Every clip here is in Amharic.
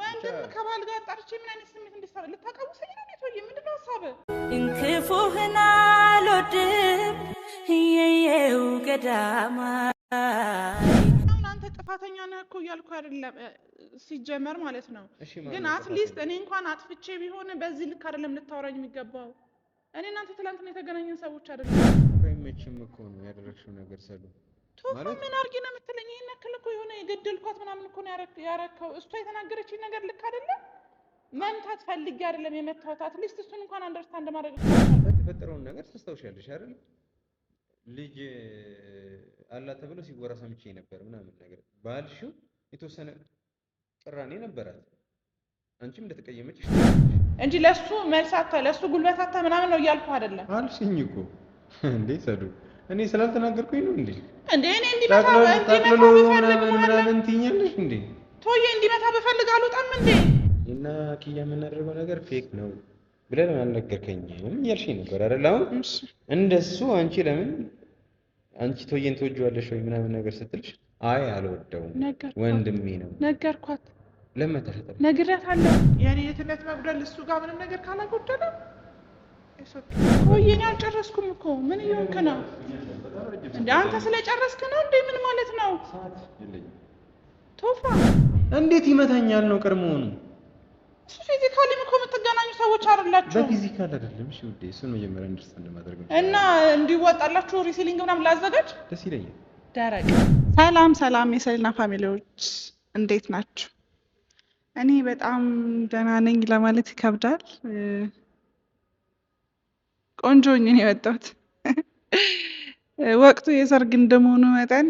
ወንድም ከባል ጋር ጣርቼ ምን አይነት ስሜት እንዲሰራ ነው? ምንድን ነው እንክፉህን አልወድም እየየው ገዳማ ጥፋተኛ ነህ እኮ እያልኩ አይደለም ሲጀመር ማለት ነው። ግን አትሊስት እኔ እንኳን አጥፍቼ ቢሆን በዚህ ልክ አይደለም ልታወራኝ የሚገባው። እኔ እናንተ ትላንትና የተገናኘን ሰዎች አይደለም። እኮ ነው ያደረግሽው ነገር ሰሉ ቶፋ ምን አድርጌ ነው የምትለኝ? ይህን ያክል እኮ የሆነ የገደልኳት ምናምን እኮ ነው ያረከው። እሷ የተናገረችኝ ነገር ልክ አይደለም። መምታት ፈልጌ አይደለም የመታሁት። አትሊስት እሱን እንኳን አንደርስታንድ ማድረግ የተፈጠረውን ነገር ታስታውሻለሽ አይደል? ልጅ አላ ተብሎ ሲወራ ሰምቼ ነበር ምናምን ነገር ባልሽው የተወሰነ ቅራኔ ነበራት። አንቺም እንደተቀየመች እንጂ ለእሱ መልሳታ ለእሱ አታ ምናምን ነው እያልኩ አይደለም አልሽኝ እኮ እንዴ ሰዱ እኔ ስላልተናገርኩኝ ነው እንዴ? እንዴ እኔ እንዲመጣ እንዲመታ ብፈልግ ምናምን ትይኛለሽ እንዴ? ቶዬ እንዲመጣ ብፈልግ አልወጣም እንዴ? እና ኪያ የምናደርገው ነገር ፌክ ነው ብለህ ለምን አልነገርከኝም እያልሽኝ ነበር አይደል? አሁን እንደሱ አንቺ ለምን አንቺ ቶዬን ትወጂዋለሽ ወይ ምናምን ነገር ስትልሽ አይ አልወደውም፣ ወንድሜ ነው ነገርኳት። ለምን ተፈጠረ? ነግሬያታለሁ። የኔ የትነት መጉደል እሱ ጋር ምንም ነገር ካላጎደለ እኔ አልጨረስኩም እኮ ምን እየሆንክ ነው እንደ አንተ ስለጨረስክ ነው እንዴ ምን ማለት ነው ቶፋ እንዴት ይመታኛል ነው ቀድሞውኑ እሱ ፊዚካሊም እኮ የምትገናኙ ሰዎች አይደላችሁ በፊዚካል አይደለም እሺ ውዴ እሱን መጀመሪያ አንደርስታንድ ማድረግ እና እንዲወጣላችሁ ሪሲሊንግ ምናምን ላዘጋጅ ደስ ይለኛል ደረቅ ሰላም ሰላም የሰሊና ፋሚሊዎች እንዴት ናችሁ እኔ በጣም ደህና ነኝ ለማለት ይከብዳል ቆንጆ ሆኜ ነው ወቅቱ የሰርግ እንደመሆኑ መጠን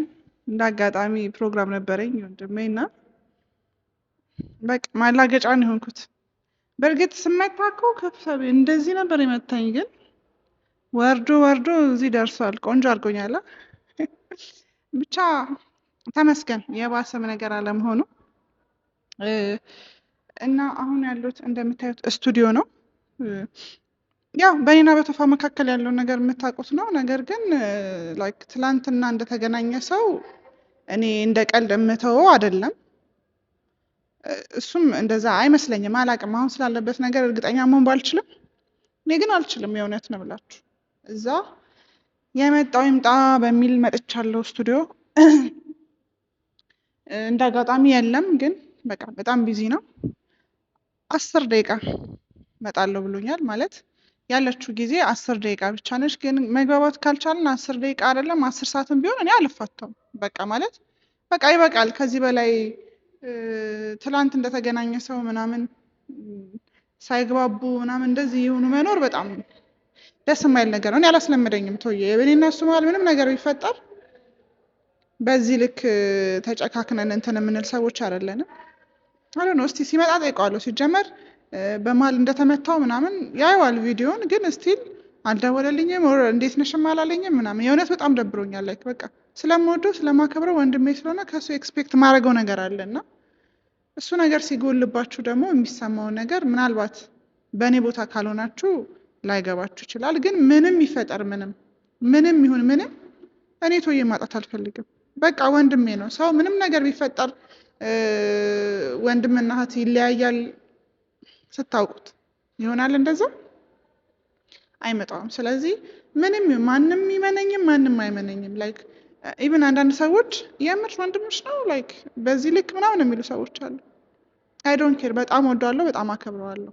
እንደ አጋጣሚ ፕሮግራም ነበረኝ ወንድሜ እና በቃ ማላገጫ ነው የሆንኩት። በእርግጥ ስመታ እኮ ከፍሰብ እንደዚህ ነበር የመታኝ፣ ግን ወርዶ ወርዶ እዚህ ደርሷል። ቆንጆ አድርጎኛል። ብቻ ተመስገን የባሰም ነገር አለመሆኑ እና አሁን ያሉት እንደምታዩት ስቱዲዮ ነው። ያው በኔና በቶፋ መካከል ያለው ነገር የምታውቁት ነው። ነገር ግን ላይክ ትላንትና እንደተገናኘ ሰው እኔ እንደ ቀልድ የምተወው አይደለም። እሱም እንደዛ አይመስለኝም። አላቅም አሁን ስላለበት ነገር እርግጠኛ መሆን ባልችልም፣ እኔ ግን አልችልም። የእውነት ነው ብላችሁ እዛ የመጣው ይምጣ በሚል መጥቻለሁ ስቱዲዮ። እንደ አጋጣሚ የለም፣ ግን በቃ በጣም ቢዚ ነው። አስር ደቂቃ መጣለሁ ብሎኛል ማለት ያለችው ጊዜ አስር ደቂቃ ብቻ ነች። ግን መግባባት ካልቻልን አስር ደቂቃ አይደለም አስር ሰዓትም ቢሆን እኔ አልፋተውም። በቃ ማለት በቃ ይበቃል። ከዚህ በላይ ትላንት እንደተገናኘ ሰው ምናምን ሳይግባቡ ምናምን እንደዚህ የሆኑ መኖር በጣም ደስ የማይል ነገር ነው። እኔ አላስለመደኝም። ተውዬ እኔና እሱ መሀል ምንም ነገር ቢፈጠር በዚህ ልክ ተጨካክነን እንትን የምንል ሰዎች አይደለንም። አለ እስቲ ሲመጣ ጠይቀዋለሁ ሲጀመር በመሀል እንደተመታው ምናምን ያየዋል ቪዲዮን ግን ስቲል አልደወለልኝም ወር እንዴት ነሽም አላለኝም ምናምን የእውነት በጣም ደብሮኛል። ላይክ በቃ ስለምወደው ስለማከብረው ወንድሜ ስለሆነ ከሱ ኤክስፔክት ማድረገው ነገር አለ እና እሱ ነገር ሲጎልባችሁ ደግሞ የሚሰማውን ነገር ምናልባት በእኔ ቦታ ካልሆናችሁ ላይገባችሁ ይችላል። ግን ምንም ይፈጠር ምንም ምንም ይሁን ምንም እኔ ቶዬ ማጣት አልፈልግም። በቃ ወንድሜ ነው። ሰው ምንም ነገር ቢፈጠር ወንድምና እህት ይለያያል ስታውቁት ይሆናል እንደዛ አይመጣውም። ስለዚህ ምንም ማንም ይመነኝም ማንም አይመነኝም ላይክ ኢቭን አንዳንድ ሰዎች የምር ወንድምሽ ነው ላይክ በዚህ ልክ ምናምን የሚሉ ሰዎች አሉ። አይ ዶንት ኬር በጣም ወደዋለሁ፣ በጣም አከብረዋለሁ።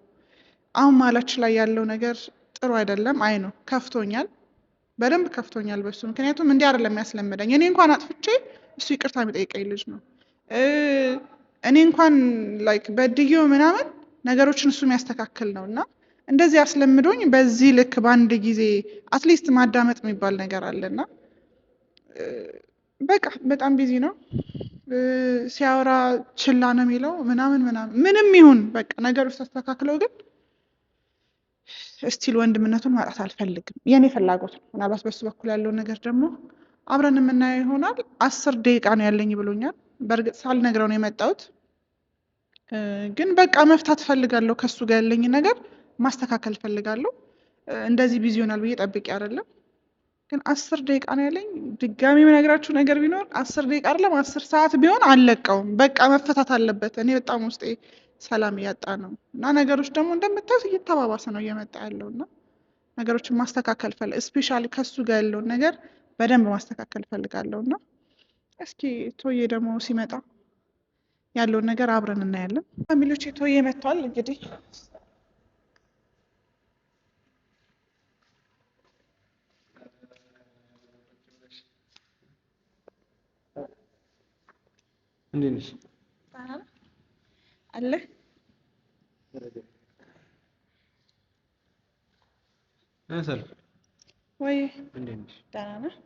አሁን ማላችን ላይ ያለው ነገር ጥሩ አይደለም። አይ ነው ከፍቶኛል፣ በደንብ ከፍቶኛል በሱ ምክንያቱም እንዲህ አይደለም ያስለመደኝ። እኔ እንኳን አጥፍቼ እሱ ይቅርታ የሚጠይቀኝ ልጅ ነው። እኔ እንኳን ላይክ በድዬው ምናምን ነገሮችን እሱ የሚያስተካክል ነው እና እንደዚህ አስለምዶኝ በዚህ ልክ በአንድ ጊዜ አትሊስት ማዳመጥ የሚባል ነገር አለና በቃ በጣም ቢዚ ነው። ሲያወራ ችላ ነው የሚለው ምናምን ምናምን ምንም ይሁን በቃ ውስጥ ተስተካክለው ግን እስቲል ወንድምነቱን ማጣት አልፈልግም። የእኔ ፍላጎት ነው። ምናልባት በሱ በኩል ያለውን ነገር ደግሞ አብረን የምናየው ይሆናል። አስር ደቂቃ ነው ያለኝ ብሎኛል። በእርግጥ ሳልነግረው ነው የመጣውት ግን በቃ መፍታት እፈልጋለሁ። ከሱ ጋር ያለኝ ነገር ማስተካከል ፈልጋለሁ እንደዚህ ቢዚ ይሆናል ብዬ ጠብቄ አይደለም። ግን አስር ደቂቃ ነው ያለኝ። ድጋሚ የምነግራችሁ ነገር ቢኖር አስር ደቂቃ አይደለም አስር ሰዓት ቢሆን አልለቀውም። በቃ መፈታት አለበት። እኔ በጣም ውስጤ ሰላም እያጣ ነው እና ነገሮች ደግሞ እንደምታዩት እየተባባሰ ነው እየመጣ ያለው እና ነገሮችን ማስተካከል ፈል ስፔሻል ከሱ ጋር ያለውን ነገር በደንብ ማስተካከል ፈልጋለሁ እና እስኪ ቶዬ ደግሞ ሲመጣ ያለውን ነገር አብረን እናያለን። ሚሎቼቶ መጥቷል። እንግዲህ እንዴት ነሽ? አለ ሰልፍ ወይ እንዴት ነሽ? ደህና ነህ?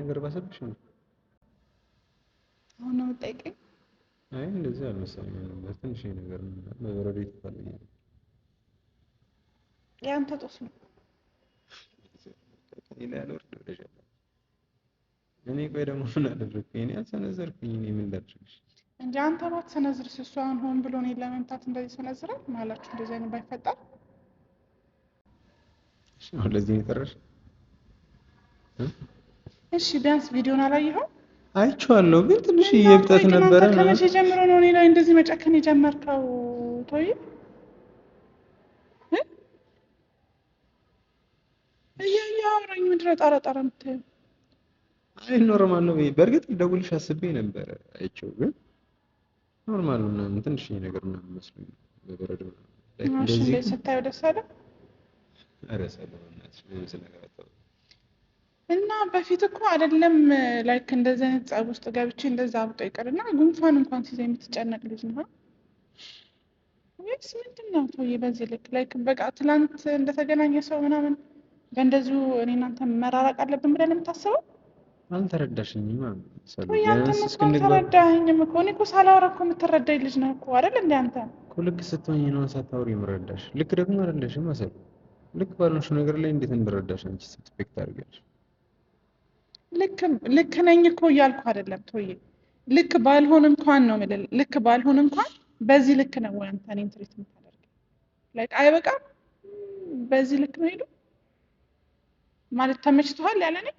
ነገር ባሰብሽ ነው አሁን ነው የምጠይቀኝ አይ እንደዚህ አልመሰለኝም ነበር። ትንሽ ነገር መበረዶ ይተፋልኛል። የአንተ ጦስ ነው። እኔ ቆይ ደግሞ ምን አደረግኩ? እኔ አልሰነዘርኩኝ። እኔ ምን ላድርግሽ እንጂ አንተ ባትሰነዝር ስሷን ሆን ብሎ እኔን ለመምታት እንደዚህ ሰነዝራል ማላችሁ እንደዚህ አይነት ባይፈጠር አሁን ለዚህ ነው የጠራሽ። እሺ ቢያንስ ቪዲዮን አላየኸው አይቼዋለሁ ግን ትንሽዬ እየብጠት ነበረ። ከመቼ ጀምሮ ነው እኔ ላይ እንደዚህ መጨከን የጀመርከው? ቶይ እያየሁ ምድረ ጣራ ጣራ የምታየው አይ ኖርማል ነው። በእርግጥ ልደውልሽ አስቤ ነበረ አይቼው፣ ግን ኖርማል ነው ምናምን ነገር ምናምን መስሎኝ በበረዶ ስታየው ደስ አለ። ኧረ ሰላም ናት እና በፊት እኮ አይደለም ላይክ እንደዚህ አይነት ጸብ ውስጥ ገብቼ እንደዛ አብጦ ይቅርና ጉንፋን እንኳን ሲዘ የምትጨነቅ ልጅ ነው ወይስ ምንድን ነው? ተውዬ በዚህ ልክ ላይክ በቃ ትላንት እንደተገናኘ ሰው ምናምን በእንደዚሁ እኔ እናንተ መራራቅ አለብን ብለን የምታስበው አልተረዳሽኝም። አልተረዳኝም እኮ እኔ እኮ ሳላወራ እኮ የምትረዳኝ ልጅ ነው እኮ አይደል? እንደ አንተ እኮ ልክ ስትሆኝ ነው ሳታወሪ የምረዳሽ። ልክ ደግሞ አይደለሽም መሰለኝ። ልክ ባልሆንሽ ነገር ላይ እንዴት እንድረዳሽ አንቺ ስትፔክት አድርጊያለሽ ልክ ነኝ እኮ እያልኩ አይደለም ቶዬ፣ ልክ ባልሆን እንኳን ነው የምልህ። ልክ ባልሆን እንኳን በዚህ ልክ ነው ወይ አንተ እኔን ትሪት የምታደርገው? ላይክ አይበቃም? በዚህ ልክ ነው ሄዱ ማለት ተመችቶሃል ያለ እኔ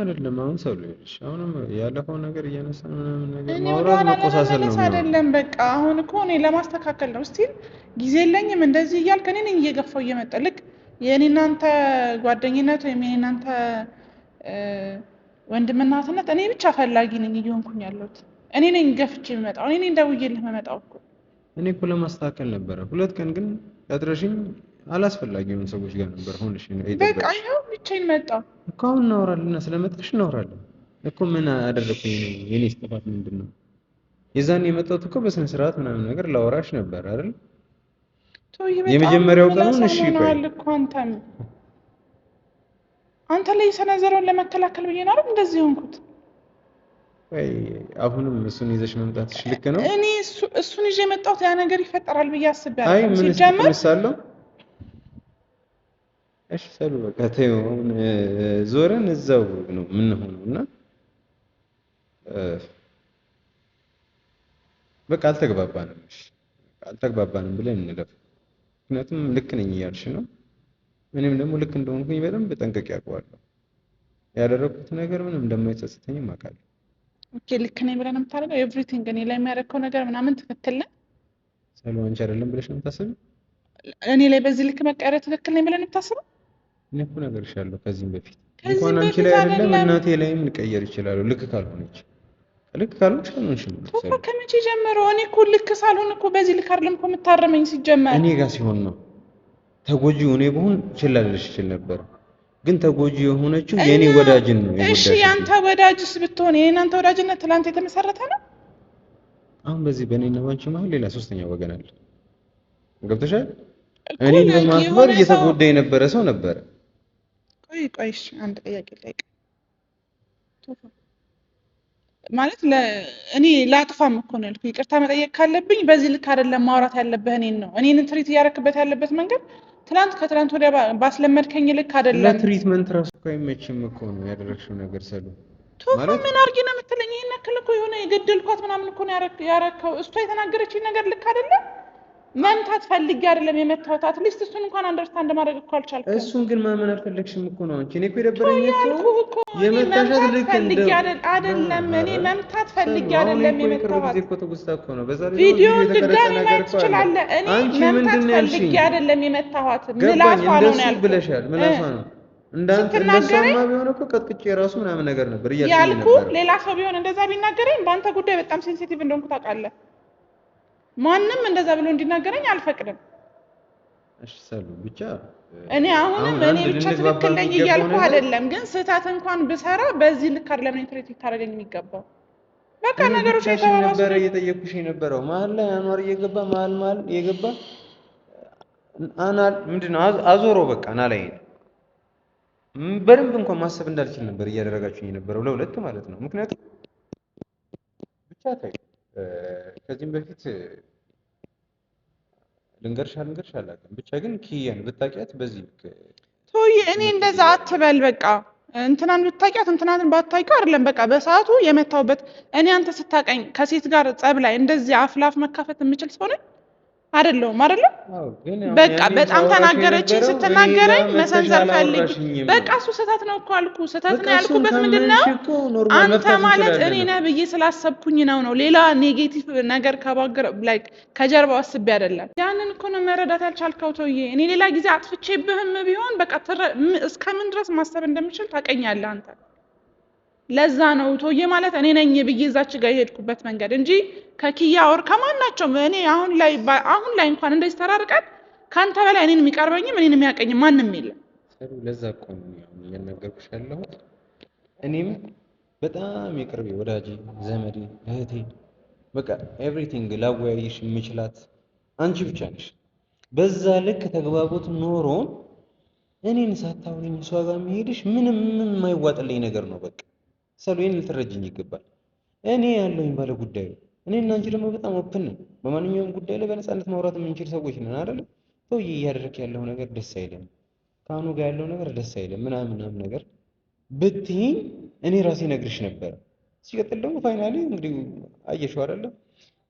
አይደለም። አሁን ሰው ልጅ አሁንም ያለፈው ነገር እያነሳ ምናምን ነገር ማውራት መቆሳሰል ነው አይደለም። በቃ አሁን እኮ እኔ ለማስተካከል ነው ስቲል ጊዜ የለኝም እንደዚህ እያልክ እኔን እየገፋው እየመጣ ልክ የእኔ እናንተ ጓደኝነት ወይም የእኔ እናንተ ወንድምና እህትነት እኔ ብቻ ፈላጊ ነኝ እየሆንኩኝ ያለሁት እኔ ነኝ ገፍቼ የምመጣው እኔ ነኝ ደውዬልህ የምመጣው እኮ እኔ እኮ ለማስተካከል ነበረ። ሁለት ቀን ግን ያድረሽኝ አላስፈላጊ የሆኑ ሰዎች ጋር ነበር ሆንሽ። በቃ ይኸው ብቻዬን መጣሁ እኮ አሁን እናወራለን። ስለመጣሽ እናወራለን እኮ ምን አደረግኩኝ? የኔ ጥፋት ምንድን ነው? የዛን የመጣሁት እኮ በስነ ስርዓት ምናምን ነገር ላወራሽ ነበር አይደል? የመጀመሪያው ቀኑን እሺ አንተ ላይ የሰነዘረውን ለመከላከል ብዬ ነው እንደዚህ ሆንኩት። ወይ አሁንም እሱን ይዘሽ መምጣትሽ ልክ ነው። እኔ እሱን ይዤ የመጣሁት ያ ነገር ይፈጠራል ብዬ አስቤያለሁ። ሲጀመር እሺ ሰሉ በቃ ተይው፣ ዞረን እዛው ነው የምንሆነው እና በቃ አልተግባባንም። እሺ አልተግባባንም ብለን እንለፍ። ምክንያቱም ልክ ነኝ እያልሽ ነው እኔም ደግሞ ልክ እንደሆንኩኝ በደንብ ጠንቅቄ አውቀዋለሁ። ያደረኩት ነገር ምንም እንደማይጸጽተኝም አውቃለሁ። ኦኬ ልክ ነኝ ብለህ ነው የምታደርገው? ኤቭሪቲንግ እኔ ላይ የሚያደርገው ነገር ምናምን ትክክል ነህ ሰሉ አንቺ አይደለም ብለሽ ነው እኔ ላይ በዚህ ልክ መቀየር ትክክል ነኝ ብለህ ነው የምታስበው? እኔ እኮ ነግሬሻለሁ ከዚህም በፊት እንኳን አንቺ ላይ አይደለም እናቴ ላይም ልቀየር ይችላሉ። ልክ ካልሆነች ልክ ካልሆነች ካልሆነች ከመቼ ጀምሮ እኔ እኮ ልክ ሳልሆን እኮ በዚህ ልክ አይደለም እኮ የምታረመኝ ሲጀመር እኔ ጋር ሲሆን ነው ተጎጂ ሆኔ ብሆን ችላ ይችል ነበር፣ ግን ተጎጂ የሆነችው የኔ ወዳጅን ነው። እሺ ያንተ ወዳጅስ ብትሆን የእናንተ ወዳጅነት ትላንት የተመሰረተ ነው። አሁን በዚህ በእኔና ባንቺ መሀል ሌላ ሶስተኛ ወገን አለ። ገብተሻል? እኔን በማክበር እየተጎዳ የነበረ ሰው ነበረ። ቆይ ቆይ፣ እሺ አንድ ጥያቄ ጠይቅ ማለት እኔ ላጥፋም እኮ ነው ያልኩህ። ይቅርታ መጠየቅ ካለብኝ በዚህ ልክ አይደለም ማውራት ያለብህ እኔን ነው። እኔን ትሪት እያደረክበት ያለበት መንገድ ትናንት ከትናንት ወዲያ ባስለመድከኝ ልክ አይደለም። ለትሪትመንት ራሱ እኮ አይመችም እኮ ነው ያደረግሽው ነገር ሰሉ ምን አርጊ ነው የምትለኝ? ይህን ያክል እኮ የሆነ የገደልኳት ምናምን እኮ ነው ያረከው። እሷ የተናገረችኝ ነገር ልክ አደለም። መምታት ፈልጌ አይደለም የመታወት አትሊስት እሱን እንኳን አንደርስታንድ ማድረግ እኮ አልቻልኩም። እሱን ግን ማመን አልፈለግሽም እኮ ነው አንቺ። እኔ እኮ የደበረኝ እኮ የመታሻት ልክ እንደ አይደለም እኔ መምታት ፈልጌ አይደለም ነው። የመታወት ቪዲዮ ድጋሚ ማየት ትችላለህ። እኔ መምታት ፈልጌ አይደለም የመታወት ምላሷ ነው ያልኩት ብለሻል። ምላሷ ነው እንዳንተ እንደሰማ ቢሆን እኮ ቀጥቅጭ የራሱ ምናምን ነገር ነበር ያልኩ። ሌላ ሰው ቢሆን እንደዛ ቢናገረኝ በአንተ ጉዳይ በጣም ሴንሲቲቭ እንደሆንኩ ታውቃለህ። ማንም እንደዛ ብሎ እንዲናገረኝ አልፈቅድም። እሺ ሰሉ ብቻ እኔ አሁንም እኔ ብቻ ትክክል ነኝ እያልኩ አይደለም፣ ግን ስህተት እንኳን ብሰራ በዚህ ልክ አይደለም እኔን ትሬት ልታደርገኝ የሚገባው። በቃ ነገሮች የተባባሱ ነበር። እየጠየኩሽ የነበረው መሀል ላይ አኗር እየገባ መሀል መሀል እየገባ አናል ምንድን ነው አዞሮ በቃ አና ላይ በደንብ እንኳን ማሰብ እንዳልችል ነበር እያደረጋችሁኝ የነበረው ለሁለት ማለት ነው። ምክንያቱም ብቻ ታይ ከዚህም በፊት ልንገርሻ ልንገርሻ አላውቅም። ብቻ ግን ኪያን ብታውቂያት በዚህ ሰውዬ እኔ እንደዛ አትበል። በቃ እንትናን ብታውቂያት እንትናን ባታውቂው አይደለም። በቃ በሰዓቱ የመታውበት እኔ አንተ ስታቀኝ ከሴት ጋር ጸብ ላይ እንደዚህ አፍላፍ መካፈት የምችል ሰው ነኝ። አይደለሁም አይደለም። በቃ በጣም ተናገረች። ስትናገረኝ መሰንዘር ፈልግ። በቃ እሱ ስህተት ነው እኮ አልኩ። ስህተት ነው ያልኩበት ምንድን ነው አንተ ማለት እኔ ነህ ብዬ ስላሰብኩኝ ነው ነው ሌላ ኔጌቲቭ ነገር ከባገር ላይክ ከጀርባው አስቤ አይደለም። ያንን እኮ ነው መረዳት ያልቻልከው ተውዬ። እኔ ሌላ ጊዜ አጥፍቼብህም ቢሆን በቃ እስከምን ድረስ ማሰብ እንደምችል ታቀኛለህ አንተ ለዛ ነው ቶዬ ማለት እኔ ነኝ ብዬ እዛች ጋር የሄድኩበት መንገድ እንጂ ከኪያ ወር ናቸው? እኔ አሁን ላይ አሁን ላይ እንኳን እንደዚህ ተራርቀን ከአንተ በላይ እኔን የሚቀርበኝም እኔን የሚያቀኝም ማንም የለም። ለዛ እኮ ነው እያናገርኩሽ ያለሁት። እኔም በጣም የቅርቤ ወዳጄ፣ ዘመዴ፣ እህቴ በቃ ኤቭሪቲንግ ላወያይሽ የምችላት አንቺ ብቻ ነሽ። በዛ ልክ ተግባቦት ኖሮን እኔን ሳታውኝ እሷ ጋር መሄድሽ ምንም የማይዋጥልኝ ነገር ነው በቃ ሰሎዬን ልትረጅኝ ይገባል። እኔ ያለውኝ ባለ ጉዳዩ እኔ እና አንቺ ደግሞ በጣም ኦፕን ነን። በማንኛውም ጉዳይ ላይ በነፃነት ማውራት የምንችል ሰዎች ነን አይደል? ሰውዬ እያደረክ ያለው ነገር ደስ አይለም፣ ከአኑ ጋር ያለው ነገር ደስ አይለም ምናምን ምናምን ነገር ብትይኝ እኔ ራሴ ነግርሽ ነበረ። ሲቀጥል ደግሞ ፋይናሊ እንግዲህ አየሽው አይደለ?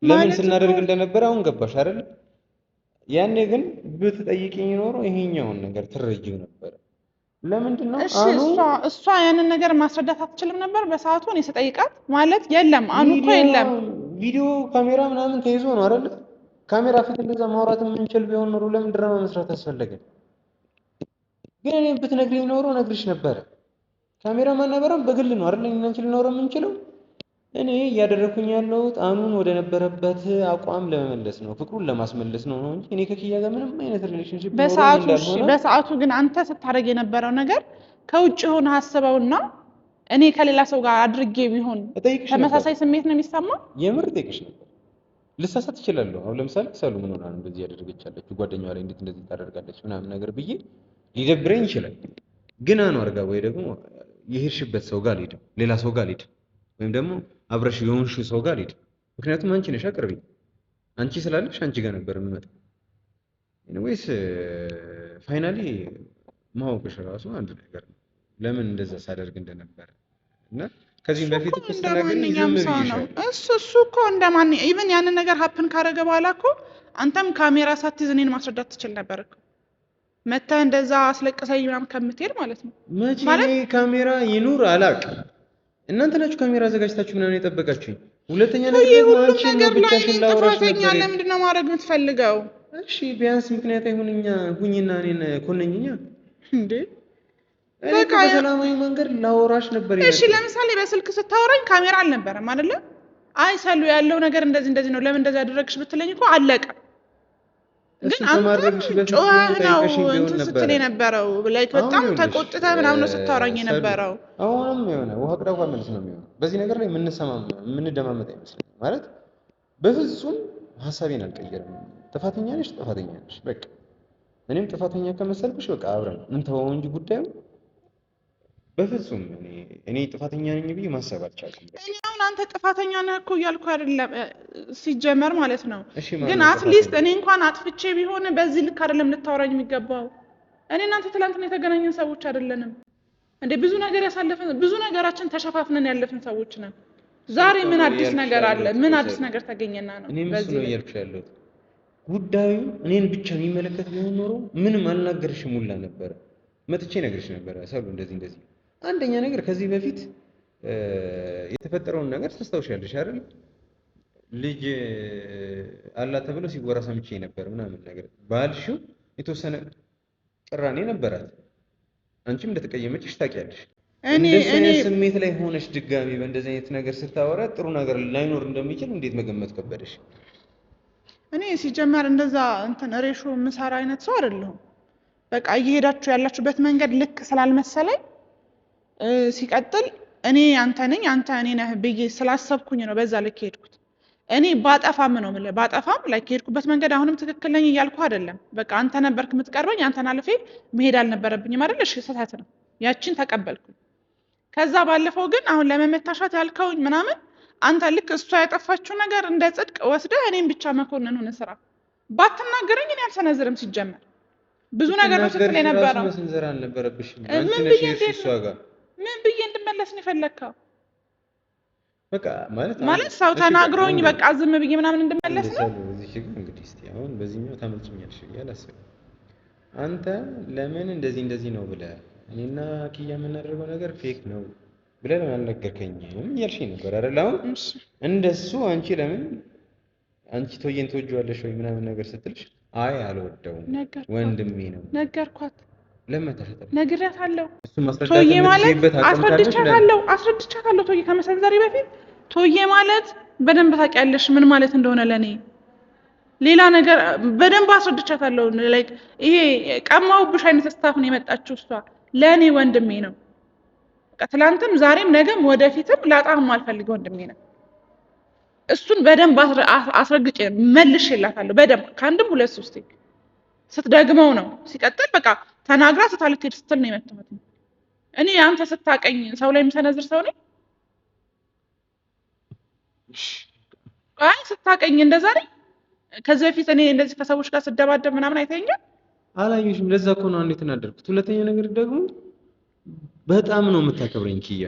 ለምን ስናደርግ እንደነበረ አሁን ገባሽ አይደለ? ያኔ ግን ብትጠይቅኝ ኖሮ ይሄኛውን ነገር ትረጅው ነበረ። ለምንድን ነው እሷ ያንን ነገር ማስረዳት አትችልም ነበር በሰዓቱ? እኔ ስጠይቃት ማለት የለም አኑ እኮ የለም ቪዲዮ ካሜራ ምናምን ተይዞ ነው አይደል? ካሜራ ፊት እንደዛ ማውራት የምንችል ቢሆን ኖሮ ለምን ድራማ መስራት አስፈለገ? ግን እኔ ብትነግሪኝ ኖሮ ነግሪሽ ነበረ። ካሜራ ማን ማናበረም በግል ነው አይደል? እኔና አንቺ ልናወራ የምንችለው እኔ እያደረግኩኝ ያለሁት ጣኑን ወደ ነበረበት አቋም ለመመለስ ነው፣ ፍቅሩን ለማስመለስ ነው ነው እንጂ እኔ ከኪያ ጋር ምንም አይነት ሪሌሽንሽፕ በሰዓቱ ግን አንተ ስታደርግ የነበረው ነገር ከውጭ የሆነ ሀስበውና እኔ ከሌላ ሰው ጋር አድርጌ ቢሆን ተመሳሳይ ስሜት ነው የሚሰማ። የምር ጠይቅሽ ነበር። ልሳሳት እችላለሁ። አሁን ለምሳሌ ሰሉ ምን ሆና እንደዚህ ያደረገች አለች ጓደኛዋ ላይ እንዴት እንደዚህ ታደርጋለች ምናምን ነገር ብዬ ሊደብረኝ ይችላል። ግን አኗር ጋር ወይ ደግሞ የሄድሽበት ሰው ጋር አልሄድም፣ ሌላ ሰው ጋር አልሄድም ወይም ደግሞ አብረሽ የሆንሽ ሰው ጋር አልሄድም። ምክንያቱም አንቺ ነሽ አቅርቢ። አንቺ ስላለሽ አንቺ ጋር ነበር የምመጣው። ኤኒዌይስ ፋይናሊ ማወቅሽ ራሱ አንድ ነገር ነው፣ ለምን እንደዛ ሳደርግ እንደነበር እና ከዚህም በፊት እንደማንኛውም ሰው ነው እሱ እሱ እኮ እንደማን ኢቨን ያንን ነገር ሀፕን ካደረገ በኋላ እኮ አንተም ካሜራ ሳትይዝ እኔን ማስረዳት ትችል ነበር እኮ መተህ እንደዛ አስለቅሰኝ ምናምን ከምትሄድ ማለት ነው። መቼ ካሜራ ይኑር አላውቅም እናንተ ናችሁ ካሜራ አዘጋጅታችሁ ምናምን የጠበቃችሁኝ። ሁለተኛ ነገር ሁሉም ነገር ጥፋተኛ ለምንድን ነው ማድረግ የምትፈልገው? እሺ ቢያንስ ምክንያት አይሁንኛ ሁኝና እኔን ኮነኝኛ እንዴ በሰላማዊ መንገድ ላወራሽ ነበር። እሺ ለምሳሌ በስልክ ስታወራኝ ካሜራ አልነበረም አይደለ? አይ ሰሉ ያለው ነገር እንደዚህ እንደዚህ ነው ለምን እንደዚህ አደረግሽ ብትለኝ እኮ አለቀ። ግን ጮኸህ ነው እንትን ስትል የነበረው ላይ በጣም ተቆጥተህ ምናምን ነው ስታወራኝ የነበረው። አሁንም የሆነ ውሃ ቅዳጓ መልስ ነው የሚሆነው። በዚህ ነገር ላይ የምንሰማ የምንደማመጥ አይመስለኝም። ማለት በፍጹም ሀሳቤን አልቀየርም። ጥፋተኛ ነሽ፣ ጥፋተኛ ነሽ። በቃ እኔም ጥፋተኛ ከመሰልኩሽ በቃ አብረን እንተወው እንጂ ጉዳዩ በፍጹም እኔ ጥፋተኛ ነኝ ብዬ ማሰብ አልቻልኩም። እኔ አሁን አንተ ጥፋተኛ ነህ እኮ እያልኩ አይደለም ሲጀመር ማለት ነው። ግን አትሊስት እኔ እንኳን አጥፍቼ ቢሆን በዚህ ልክ አይደለም ልታወራኝ የሚገባው። እኔ እናንተ ትላንትና የተገናኘን ሰዎች አይደለንም እንዴ? ብዙ ነገር ያሳለፍን ብዙ ነገራችን ተሸፋፍነን ያለፍን ሰዎች ነን። ዛሬ ምን አዲስ ነገር አለ? ምን አዲስ ነገር ተገኘና ነው? እኔ ምስ ነው እያልኩሽ ያለሁት ጉዳዩ እኔን ብቻ የሚመለከት ቢሆን ኖሮ ምንም አልናገርሽም ሁላ ነበረ። መጥቼ ነግርሽ ነበረ ሰሉ እንደዚህ እንደዚህ አንደኛ ነገር ከዚህ በፊት የተፈጠረውን ነገር ታስታውሻለሽ አይደል? ልጅ አላ ተብሎ ሲወራ ሰምቼ ነበር ምናምን ነገር ባልሽው የተወሰነ ቅራኔ ነበራት። አንቺም እንደተቀየመችሽ ታውቂያለሽ። እኔ ስሜት ላይ ሆነሽ ድጋሚ በእንደዚህ አይነት ነገር ስታወራ ጥሩ ነገር ላይኖር እንደሚችል እንዴት መገመት ከበደሽ? እኔ ሲጀመር እንደዛ እንትን ሬሾ የምሰራ አይነት ሰው አይደለሁም። በቃ እየሄዳችሁ ያላችሁበት መንገድ ልክ ስላልመሰለኝ ሲቀጥል እኔ አንተ ነኝ አንተ እኔ ነህ ብዬ ስላሰብኩኝ ነው በዛ ልክ ሄድኩት። እኔ ባጠፋም ነው የምልህ ባጠፋም ላይክ ሄድኩበት መንገድ አሁንም ትክክል ነኝ እያልኩ አይደለም። በቃ አንተ ነበርክ የምትቀርበኝ፣ አንተን አልፌ መሄድ አልነበረብኝም አይደል? እሺ ስህተት ነው፣ ያችን ተቀበልኩኝ። ከዛ ባለፈው ግን አሁን ለመመታሻት ያልከውኝ ምናምን አንተ ልክ እሷ ያጠፋችው ነገር እንደ ጽድቅ ወስደህ እኔም ብቻ መኮንን ሆነ ስራ ባትናገረኝ እኔ አልሰነዝርም። ሲጀመር ብዙ ነገር ነው ስትል የነበረው ምን ብዬ እንዴት ነው ምን ብዬ እንድመለስ ነው የፈለግከው? ማለት ሰው ተናግሮኝ በቃ ዝም ብዬ ምናምን እንድመለስ ነው። እዚህ ግን እንግዲህ እስኪ አሁን በዚህኛው ታመልጭኛለሽ አላስብም። አንተ ለምን እንደዚህ እንደዚህ ነው ብለህ እኔና ኪያ የምናደርገው ነገር ፌክ ነው ብለህ ለምን አልነገርከኝም እያልሽኝ ነበር አይደል? አሁን እንደሱ አንቺ ለምን አንቺ ቶዬን ትወጂዋለሽ ወይ ምናምን ነገር ስትልሽ አይ አልወደውም ወንድሜ ነው ነገርኳት። ነግሬያታለሁ። ቶዬ ማለት አስረድቻታለሁ አስረድቻታለሁ። ቶዬ ከመሰንዘሬ በፊት ቶዬ ማለት በደንብ ታውቂያለሽ ምን ማለት እንደሆነ ለእኔ ሌላ ነገር በደንብ አስረድቻታለሁ። ላይክ ይሄ ቀማውብሽ አይነት ስታፍ ነው የመጣችው እሷ ለእኔ ወንድሜ ነው። ትላንትም ዛሬም ነገም ወደፊትም ላጣም አልፈልግ ወንድሜ ነው። እሱን በደንብ አስረግጬ መልሼላታለሁ። በደንብ ከአንድም ሁለት ሶስቴ ስትደግመው ነው። ሲቀጥል በቃ ተናግራ ስታልክድ ስትል ነው የመታሁት። እኔ አንተ ስታቀኝ ሰው ላይ የምሰነዝር ሰው ነኝ? አይ ስታቀኝ እንደዛ ነኝ። ከዚህ በፊት እኔ እንደዚህ ከሰዎች ጋር ስደባደብ ምናምን አይተኛል አላየሽም። ለዛ እኮ ነው አንዴ የተናደርኩት። ሁለተኛ ነገር ደግሞ በጣም ነው የምታከብረኝ ኪያ።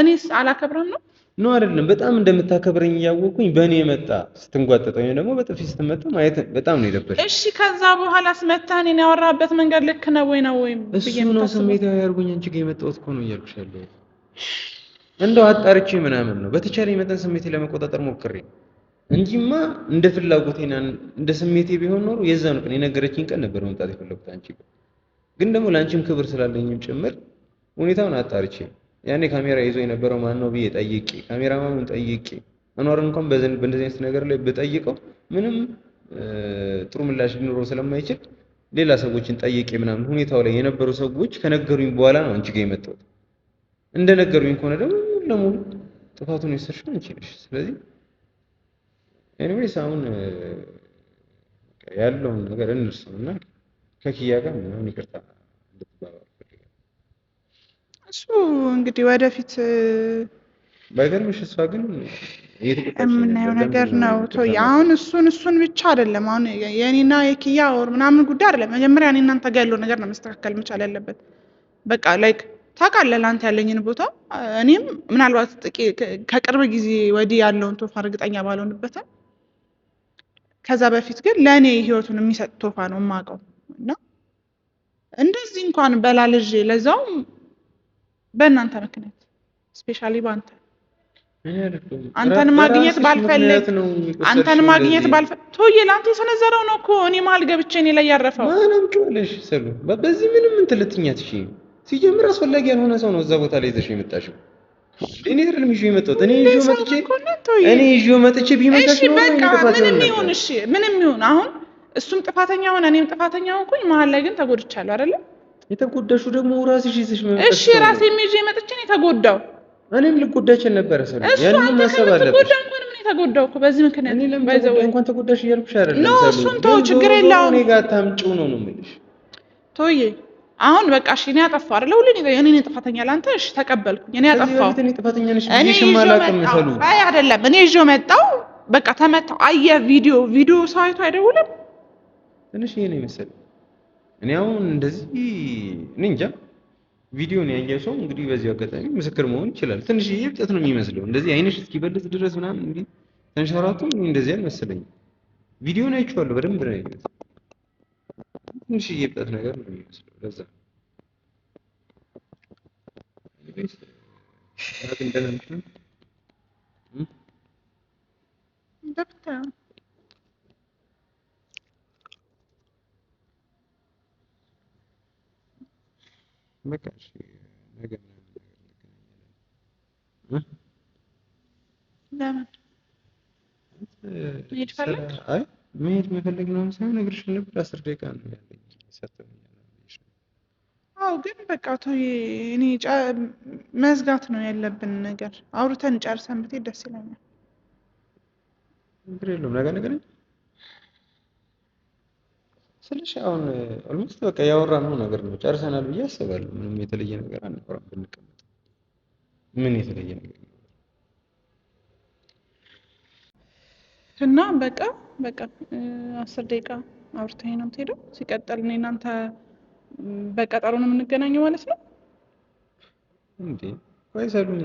እኔስ አላከብረም ነው ነው አይደለም። በጣም እንደምታከብረኝ እያወቁኝ በእኔ መጣ ስትንጓጠጠ ወይም ደግሞ በጥፊ ስትመጣ ማየት በጣም ነው የደበረኝ። እሺ፣ ከዛ በኋላ ስመታ እኔን ያወራበት መንገድ ልክ ነው ወይ ነው ወይም እሱ ነው ስሜታዊ ያርጎኝ አንቺ ጋር የመጣሁት እኮ ነው እያልኩሽ ያለው እንደው አጣርቼ ምናምን ነው። በተቻለ መጠን ስሜቴ ለመቆጣጠር ሞክሬ እንጂማ እንደ ፍላጎቴና እንደ ስሜቴ ቢሆን ኖሮ የዛን ቀን የነገረችኝ ቀን ነበር መምጣት የፈለጉት አንቺ ግን ደግሞ ለአንቺም ክብር ስላለኝም ጭምር ሁኔታውን አጣርቼ ያኔ ካሜራ ይዞ የነበረው ማን ነው ብዬ ጠይቄ ካሜራማኑን ጠይቄ መኖር እንኳን በእንደዚህ አይነት ነገር ላይ ብጠይቀው ምንም ጥሩ ምላሽ ሊኖረው ስለማይችል ሌላ ሰዎችን ጠይቄ ምናምን ሁኔታው ላይ የነበሩ ሰዎች ከነገሩኝ በኋላ ነው አንቺ ጋር የመጣሁት። እንደነገሩኝ ከሆነ ደግሞ ሙሉ ለሙሉ ጥፋቱን የሰርሽው አንቺ ነሽ። ስለዚህ ኤኒዌይስ አሁን ያለውን ነገር እንርሰው እና ከኪያ ጋር ምናምን ይቅርታ እሱ እንግዲህ ወደፊት ባይገርምሽ እሷ ግን የምናየው ነገር ነው። አሁን እሱን እሱን ብቻ አይደለም። አሁን የእኔና የኪያ ወር ምናምን ጉዳይ አይደለም። መጀመሪያ እኔ እናንተ ጋር ያለው ነገር ነው መስተካከል መቻል ያለበት። በቃ ላይክ ታውቃለህ፣ ለአንተ ያለኝን ቦታ እኔም ምናልባት ከቅርብ ጊዜ ወዲህ ያለውን ቶፋ እርግጠኛ ባልሆንበትም ከዛ በፊት ግን ለእኔ ህይወቱን የሚሰጥ ቶፋ ነው የማውቀው እና እንደዚህ እንኳን በላልዤ ለዛውም በእናንተ ምክንያት ስፔሻሊ በአንተ አንተን ማግኘት ባልፈልግ አንተን ማግኘት ባልፈልግ ቶዬ ለአንተ የሰነዘረው ነው እኮ እኔ መሀል ገብቼ እኔ ላይ ያረፈው በዚህ ምንም እንትን ልትኛት እሺ ሲጀምር አስፈላጊ ያልሆነ ሰው ነው እዛ ቦታ ላይ ይዘሽ የመጣሽው እኔ አይደለም ይዤው የመጣሁት እኔ ይዤው መጥቼ እኔ ይዤው መጥቼ ቢመጣሽ ነው ምንም ይሁን እሺ ምንም ይሁን አሁን እሱም ጥፋተኛ ሆነ እኔም ጥፋተኛ ሆንኩኝ መሀል ላይ ግን ተጎድቻለሁ አይደለም የተጎዳሹ ደግሞ ራስሽ ይዘሽ እሺ ራሴ ይዤ መጥቼ ነው የተጎዳው። እኔም ልጎዳችን ነበረ ሰለ ያንን ማሰብ አለበት። ተጎዳው እኮ በዚህ ምክንያት እንኳን ተጎዳሽ እያልኩሽ አይደለም። ኖ እሱን ተው፣ ችግር የለውም። እኔ ጋር ታምጪው ነው ነው የምልሽ። ተውዬ አሁን በቃ እሺ፣ እኔ አጠፋሁ አይደለ? ሁሉ እኔ ነኝ ጥፋተኛ። ላንተ እሺ፣ ተቀበልኩኝ። እኔ አጠፋሁ። እኔ ጥፋተኛ ነሽ ብዬሽ አላውቅም። ሰሉ አይ አይደለም፣ እኔ ይዤው መጣሁ። በቃ ተመታሁ። አየህ ቪዲዮ ቪዲዮ ሳይቶ አይደውልም። ትንሽ ይሄ ነው የመሰለኝ እኔ አሁን እንደዚህ እኔ እንጃ ቪዲዮን ያየ ሰው እንግዲህ በዚህ አጋጣሚ ምስክር መሆን ይችላል። ትንሽዬ እብጠት ነው የሚመስለው እንደዚህ አይነሽ እስኪበልጥ ድረስ ምናምን እንግዲህ ተንሸራቶ እንደዚህ አልመሰለኝም። ቪዲዮን አይቼዋለሁ በደንብ ነው ያየሁት። ትንሽ እብጠት ነገር ነው የሚመስለው ለዛ እንደምን በቃ እሺ፣ ነገ ምናምን ነገር እንገናኛለን። መሄድ መፈለግ ነው ሳይሆን ነበር አስር ደቂቃ ነው ያለኝ ሰጥቶኛል። አዎ ግን በቃ እኔ መዝጋት ነው ያለብን ነገር አውርተን ጨርሰን ብትሄድ ደስ ይለኛል። ችግር የለውም። ነገ ስልሽ አሁን ኦልሞስት በቃ ያወራነው ነገር ነው ጨርሰናል ብዬ አስባለሁ። ምንም የተለየ ነገር አንቆራም ብንቀመጥ። ምን የተለየ ነገር እና በቃ በቃ አስር ደቂቃ አውርተኸኝ ነው የምትሄደው። ሲቀጥል እኔ እናንተ በቀጠሮ ነው የምንገናኘው ማለት ነው እንዴ? ቆይ ሰሉን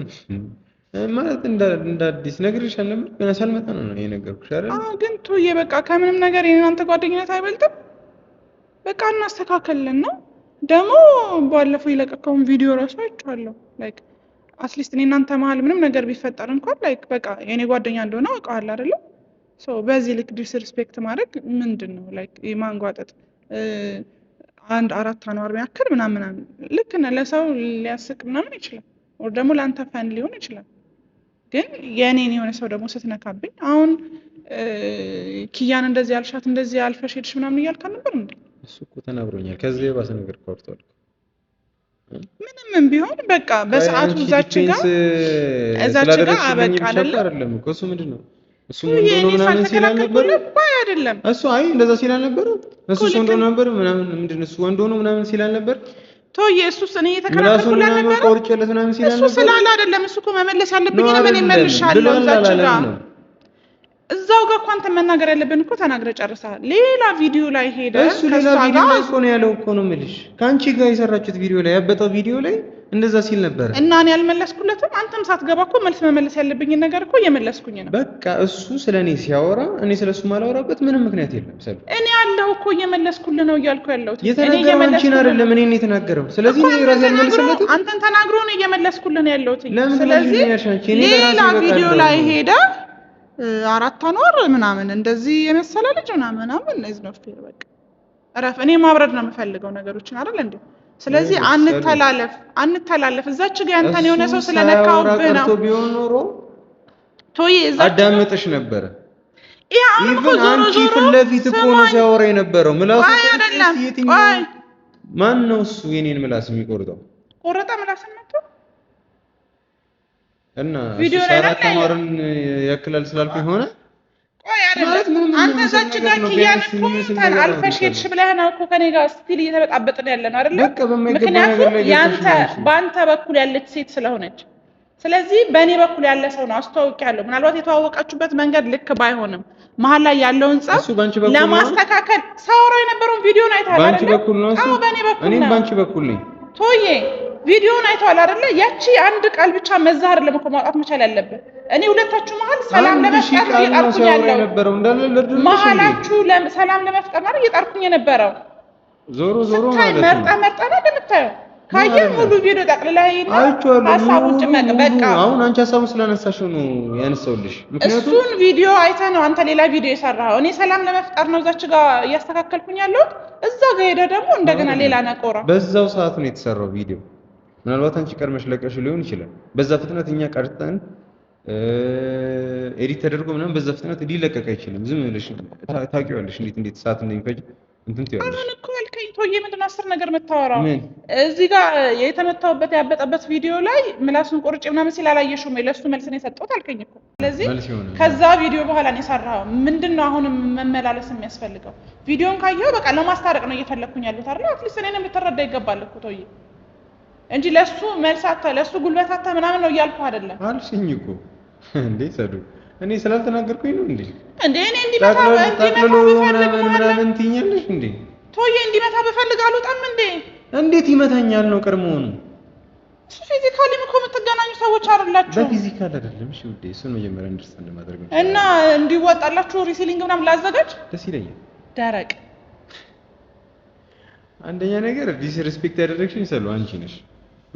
ማለት እንደ አዲስ ነግሬሻለሁ። ገና ሳልመጣ ነው ነው የነገርኩሽ አይደል? አዎ። ግን ቱዬ በቃ ከምንም ነገር የእናንተ ጓደኝነት አይበልጥም። በቃ እናስተካከልን ነው። ደግሞ ባለፈው የለቀቀውን ቪዲዮ ራሱ አይቼዋለሁ። ላይክ አትሊስት እኔ እናንተ መሀል ምንም ነገር ቢፈጠር እንኳን ላይክ በቃ የእኔ ጓደኛ እንደሆነ አውቀዋል ሰው በዚህ ልክ ዲስሪስፔክት ማድረግ ምንድን ነው ላይክ የማንጓጠጥ አንድ አራት አኗር ያክል ምናምን ልክ ለሰው ሊያስቅ ምናምን ይችላል፣ ወር ደግሞ ለአንተ ፈን ሊሆን ይችላል። ግን የእኔን የሆነ ሰው ደግሞ ስትነካብኝ አሁን ኪያን እንደዚህ ያልሻት እንደዚህ ያልፈሽ ሄድሽ ምናምን እያልካ ነበር እንዴ? እሱ እኮ ተናግሮኛል። ከዚህ የባሰ ነገር እኮ ምንም ቢሆን በቃ በሰዓቱ እዛች ጋር እዛች ጋር አበቃ አይደለም እኮ እሱ ምንድን ነው እሱ ምንድነው ምናምን ነበር እኮ አይደለም እሱ አይ እንደዛ ሲል ነበር እሱ ወንድ ሆኖ ነበር ምናምን ምንድን ነው እሱ ወንዶ ነው ምናምን ሲል ነበር ተወዬ እሱ እኔ የተከራከርኩ ነበር እሱ ስላለ አይደለም እሱ እኮ መመለስ ያለብኝ ነው እኔ መልሻለሁ እዛች ጋር እዛው ጋር እኮ አንተ መናገር ያለብን እኮ ተናግረ ጨርሳ ሌላ ቪዲዮ ላይ ሄደ እሱ ሌላ ቪዲዮ ላይ እኮ ነው ያለው እኮ ነው የምልሽ። ከአንቺ ጋር የሰራችሁት ቪዲዮ ላይ ያበጠው ቪዲዮ ላይ እንደዛ ሲል ነበር እና እኔ ያልመለስኩለትም። አንተም ሳትገባ እኮ መልስ መመለስ ያለብኝ ነገር እኮ እየመለስኩኝ ነው። በቃ እሱ ስለ እኔ ሲያወራ እኔ ስለ እሱ ማላወራበት ምንም ምክንያት የለም። ሰ እኔ ያለው እኮ እየመለስኩልህ ነው እያልኩ ያለሁት የተናገረው አንቺን አይደለም እኔን የተናገረው። ስለዚህ ራሴ አንተን ተናግሮ ነው እየመለስኩልህ ነው ያለሁት። ስለዚህ ሌላ ቪዲዮ ላይ ሄደ አራት አኗር ምናምን እንደዚህ የመሰለ ልጅ ምናምን ኢዝ ነው ፌር። በቃ ረፍ እኔ ማብረድ ነው የምፈልገው ነገሮችን አይደል እንዴ? ስለዚህ አንተላለፍ አንተላለፍ። እዛች ጋ ያንተን የሆነ ሰው ስለነካውብህ ነው ቢሆን ኖሮ ቶይ እዛ አዳምጥሽ ነበረ። ይሄ አሁን እኮ ፊት ለፊት እኮ ነው ሲያወራ የነበረው። ምላሱ አይደለም ማን ነው እሱ የኔን ምላስ የሚቆርጠው? ቆረጠ ምላስ ነው እና ሰራት ተማርን ያክላል ስላልኩ የሆነ አንተ በአንተ በኩል ያለች ሴት ስለሆነች፣ ስለዚህ በእኔ በኩል ያለ ሰው ነው አስተዋውቂያለሁ። ምናልባት የተዋወቃችሁበት መንገድ ልክ ባይሆንም መሀል ላይ ያለውን ጸብ ለማስተካከል ሳወራው የነበረውን ቪዲዮን አይተሃል አይደለ? በኩል ነው። በእኔም በኩል ነኝ ቶዬ ቪዲዮውን አይተዋል አይደለ? ያቺ አንድ ቃል ብቻ መዛር ለምኮ ማውጣት መቻል ያለብን። እኔ ሁለታችሁ መሀል ሰላም ለመፍጠር እየጣርኩኝ ያለው መሀላችሁ ሰላም ለመፍጠር ማለት እየጣርኩኝ የነበረው ዞሮ ዞሮ ማለት ነው። መርጣ መርጣ ነው እንደምታየው። ካየህ ሙሉ ቪዲዮ ጠቅልላይ ሀሳቡን ጭመቅ። በቃ አሁን አንቺ ሀሳቡን ስለነሳሽ ነው ያነሳውልሽ። እሱን ቪዲዮ አይተህ ነው አንተ ሌላ ቪዲዮ የሰራኸው። እኔ ሰላም ለመፍጠር ነው እዛች ጋር እያስተካከልኩኝ ያለሁት። እዛ ጋር ሄደ ደግሞ እንደገና ሌላ ነቆራ። በዛው ሰዓት ነው የተሰራው ቪዲዮ ምናልባት አንቺ ቀድመሽ ለቀሽ ሊሆን ይችላል። በዛ ፍጥነት እኛ ቀርጠን ኤዲት ተደርጎ ምናምን በዛ ፍጥነት ሊለቀቅ አይችልም። ዝም ብለሽ ታውቂዋለሽ፣ እንዴት እንዴት ሰዓት እንደሚፈጅ እንትን ትይዋለሽ። አሁን እኮ አልከኝ ቶዬ፣ ምንድን ነው አስር ነገር የምታወራው? እዚህ ጋር የተመታውበት ያበጠበት ቪዲዮ ላይ ምላሱን ቆርጬ ምናምን ሲል አላየሽውም? ለሱ መልስ ነው የሰጠሁት አልከኝ እኮ። ስለዚህ ከዛ ቪዲዮ በኋላ ነው የሰራኸው። ምንድን ነው አሁንም መመላለስ የሚያስፈልገው? ቪዲዮን ካየኸው በቃ ለማስታረቅ ነው እየፈለግኩኝ ያሉት አይደል? አትሊስት እኔንም የምትረዳ ይገባል እኮ ቶዬ እንጂ ለሱ መልሳታ ለሱ ጉልበታታ ምናምን ነው እያልኩ አይደለም። አልሽኝ እኮ እንዴ ሰዱ እኔ ስላልተናገርኩኝ ነው እንዴ እንዴ እኔ እንዲመታ ጠቅልሎ ምናምን ምናምን ትይኛለሽ እንዴ ቶዬ እንዲመታ ብፈልግ አልወጣም እንዴ እንዴት ይመታኛል ነው ቀድሞውኑ እሱ ፊዚካሊም እኮ የምትገናኙ ሰዎች አይደላችሁ። በፊዚካል አይደለም። እሺ ውዴ፣ እሱን መጀመሪያ አንደርስታንድ ማድረግ ነው እና እንዲወጣላችሁ ሪሲሊንግ ምናምን ላዘጋጅ ደስ ይለኛል። ደረቅ አንደኛ ነገር ዲስሪስፔክት ያደረግሽኝ ሰሉ አንቺ ነሽ።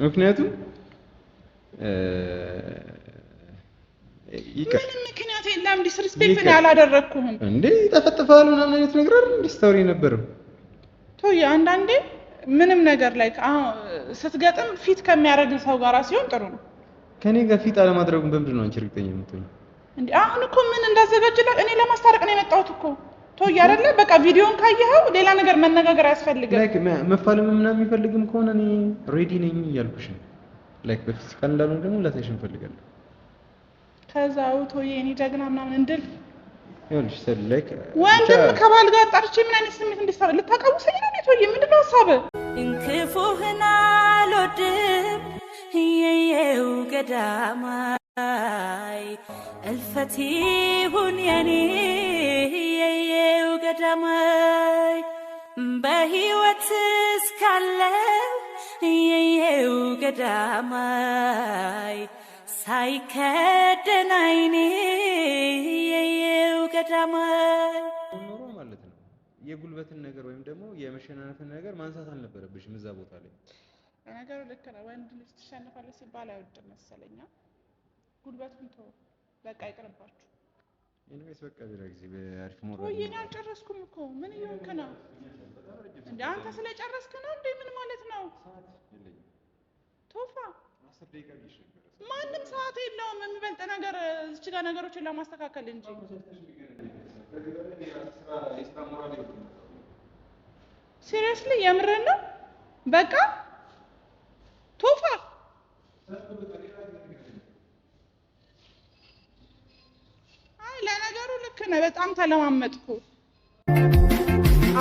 ምክንያቱም ይቀር ምክንያት የለም። ዲስሪስፔክት አላደረግኩም እንዴ ይጠፈጥፋሉ ምናምን አይነት ነገር አይደል እንደ ስታወሪ የነበረው ተውዬ። አንዳንዴ ምንም ነገር ላይ ስትገጥም ፊት ከሚያደርግ ሰው ጋር ሲሆን ጥሩ ነው። ከእኔ ጋር ፊት አለማድረጉን በምንድን ነው አንቺ እርግጠኛ የምትሆኝ? እንዲ አሁን እኮ ምን እንዳዘጋጅላት እኔ ለማስታረቅ ነው የመጣሁት እኮ ቶይ አይደለ? በቃ ቪዲዮን ካየኸው ሌላ ነገር መነጋገር አያስፈልግም። ላይክ መፋለም ምናምን የሚፈልግም ከሆነ እኔ ሬዲ ነኝ እያልኩሽ ነው። ላይክ በፊዚካል እንዳልሆነ ደግሞ ላሳይሽ እንፈልጋለሁ። ከዛው ቶዬ የኔ ጀግና ምናምን እንድል ይኸውልሽ፣ ሰል ላይክ ወንድም ከባል ጋር ጠርቼ ምን አይነት ስሜት እንዲሰራ ልታቀውሰኝ ነው። ቶዬ ምንድን ነው ሀሳብህ? እንክፉህን አልወድም እየየው ገዳማ እልፈት ይሁን የኔ የየው ገዳማይ በሕይወት እስካለው የየው ገዳማይ ሳይከደን አይኔ የየው ገዳማይ ኖሮ ማለት ነው። የጉልበትን ነገር ወይም ደግሞ የመሸናነፍን ነገር ማንሳት አልነበረብሽም እዛ ቦታ ላይ። ነገሩ ልክ ነው። ወንድ ልጅ ትሸንፋለች ሲባል አይወድም መሰለኛ ጉልበቱን ተው፣ በቃ ይቅርባችሁ። ኢንዌስ በቃ ሌላ ጊዜ በአሪፍ ሞራ ነው። እኔ አልጨረስኩም እኮ ምን እየሆንክ ነው እንዴ? አንተ ስለጨረስክ ነው እንዴ? ምን ማለት ነው? ቶፋ ማንም ሰዓት የለውም። የሚበልጥ ነገር እዚች ጋር ነገሮችን ለማስተካከል እንጂ ሲሪየስሊ የምርን ነው በቃ ቶፋ ለነገሩ ልክ ነህ። በጣም ተለማመጥኩ።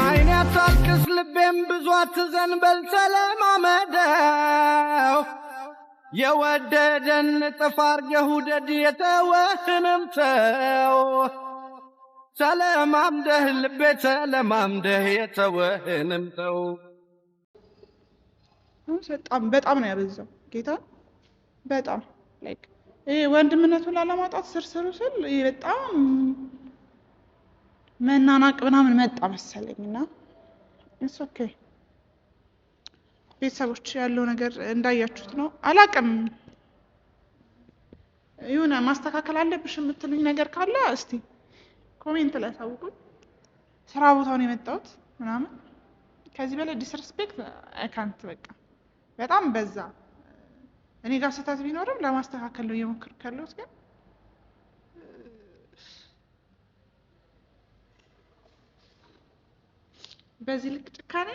አይን አታልቅስ ልቤም ብዙ አትዘን በል ተለማመደው። የወደደን ጥፋር የሁደድ የተወህንም ተው። ተለማምደህ ልቤ ተለማምደህ የተወህንም ተው። በጣም በጣም ነው ያበዛው ጌታ በጣም ላይክ ወንድምነቱን ላለማጣት ስርስሩ ስል በጣም መናናቅ ምናምን መጣ መሰለኝ እና ኢትስ ኦኬ ቤተሰቦች ያለው ነገር እንዳያችሁት ነው። አላቅም የሆነ ማስተካከል አለብሽ የምትሉኝ ነገር ካለ እስቲ ኮሜንት ላይ ታውቁኝ። ስራ ቦታውን የመጣሁት ምናምን ከዚህ በላይ ዲስሬስፔክት አይካንት በቃ በጣም በዛ። እኔ ጋር ስህተት ቢኖርም ለማስተካከል ነው እየሞከርኩ ያለሁት ግን በዚህ ልክ ጭካኔ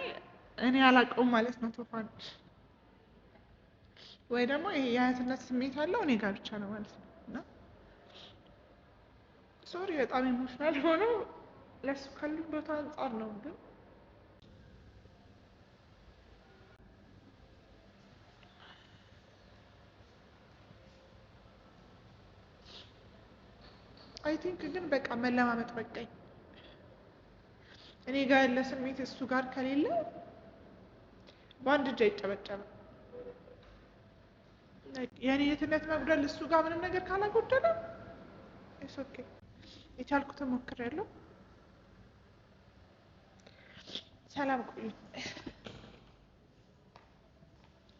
እኔ አላውቀውም ማለት ነው። ቶፋንድ ወይ ደግሞ የአያትነት ስሜት አለው እኔ ጋር ብቻ ነው ማለት ነው። እና ሶሪ በጣም ኢሞሽናል ሆኖ ለሱ ካሉኝ ቦታ አንጻር ነው ግን አይ ቲንክ ግን በቃ መለማመጥ በቃኝ። እኔ ጋር ያለ ስሜት እሱ ጋር ከሌለ በአንድ እጅ አይጨበጨብም። የእኔ የትነት መጉደል እሱ ጋር ምንም ነገር ካላጎደለ ኦኬ የቻልኩትን ሞክሬያለሁ። ሰላም ቆዩ።